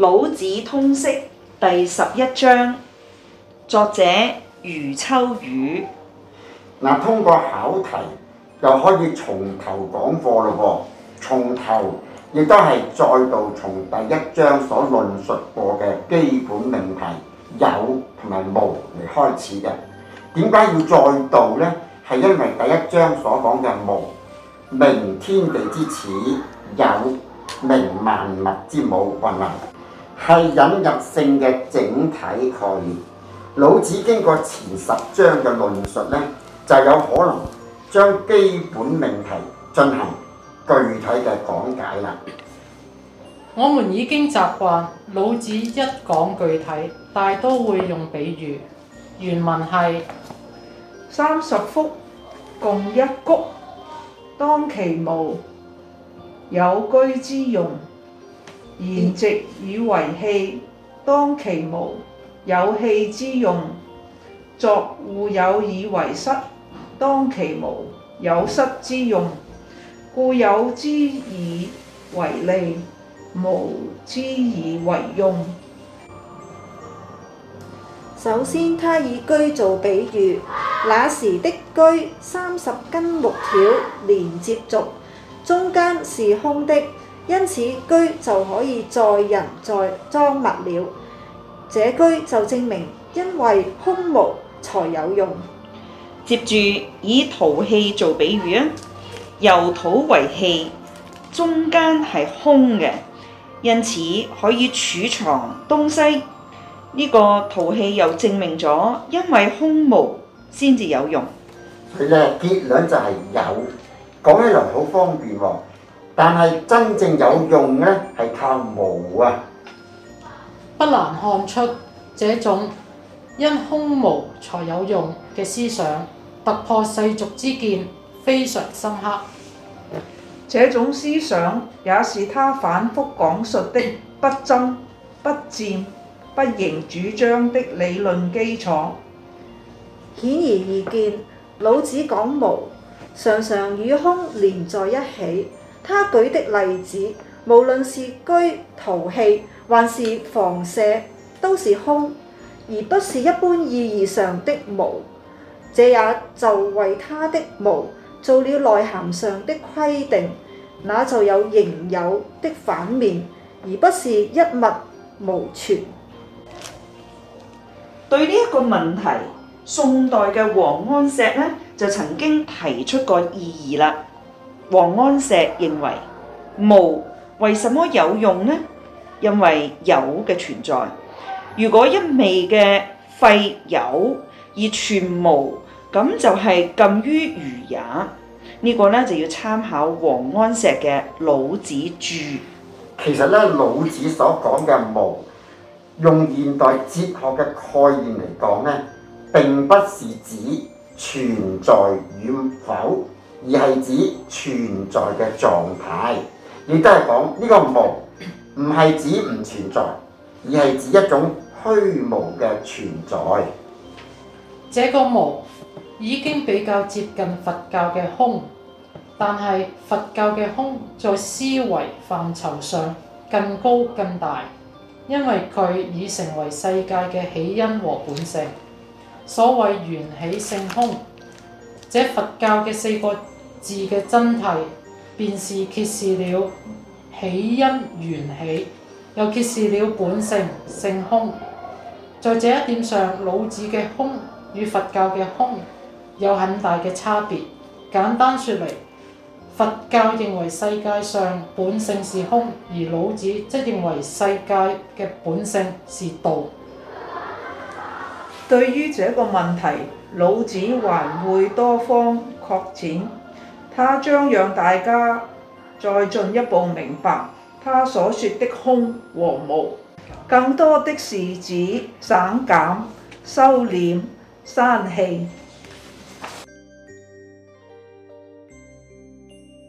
老子通識第十一章，作者余秋雨。嗱，通過考題又可以從頭講課咯喎，從頭亦都係再度從第一章所論述過嘅基本命題有同埋無嚟開始嘅。點解要再度呢？係因為第一章所講嘅無，明天地之始；有，明萬物之母。係、嗯、咪？係引入性嘅整體概念。老子經過前十章嘅論述呢，就有可能將基本命題進行具體嘅講解啦。我們已經習慣老子一講具體，大多會用比喻。原文係，三十輻共一轂，當其無，有居之用。埏埴以為器，當其無，有器之用；鑿戶牖以為室，當其無，有室之用。故有之以為利，無之以為用。首先，他以居做比喻，那時的居，三十根木條連接著，中間是空的。因此居就可以載人再裝物了，這居就證明因為空無才有用。接住以陶器做比喻啊，由土為器，中間係空嘅，因此可以儲藏東西。呢、這個陶器又證明咗因為空無先至有用。所以咧，結論就係有，講起來好方便喎、啊。但係真正有用呢，係靠無啊！不難看出這種因空無才有用嘅思想，突破世俗之見非常深刻。這種思想也是他反覆講述的不爭不佔不盈主張的理論基礎。顯而易見，老子講無，常常與空連在一起。他舉的例子，無論是居陶器還是房舍，都是空，而不是一般意義上的無。這也就為他的無做了內涵上的規定。那就有形有的反面，而不是一物無存。對呢一個問題，宋代嘅王安石呢，就曾經提出過異議啦。王安石認為無為什麼有用呢？因為有嘅存在。如果一味嘅廢有而全無，咁就係禁於愚也。這個、呢個咧就要參考王安石嘅《老子注》。其實咧，老子所講嘅無，用現代哲學嘅概念嚟講咧，並不是指存在與否。而係指存在嘅狀態，亦都係講呢個無唔係指唔存在，而係指一種虛無嘅存在。這個無已經比較接近佛教嘅空，但係佛教嘅空在思維範疇上更高更大，因為佢已成為世界嘅起因和本性。所謂緣起性空。這佛教嘅四個字嘅真諦，便是揭示了起因緣起，又揭示了本性性空。在這一點上，老子嘅空與佛教嘅空有很大嘅差別。簡單説嚟，佛教認為世界上本性是空，而老子則認為世界嘅本性是道。對於這個問題，老子還會多方擴展，他將讓大家再進一步明白他所說的空和無，更多的是指省減、收斂、生氣。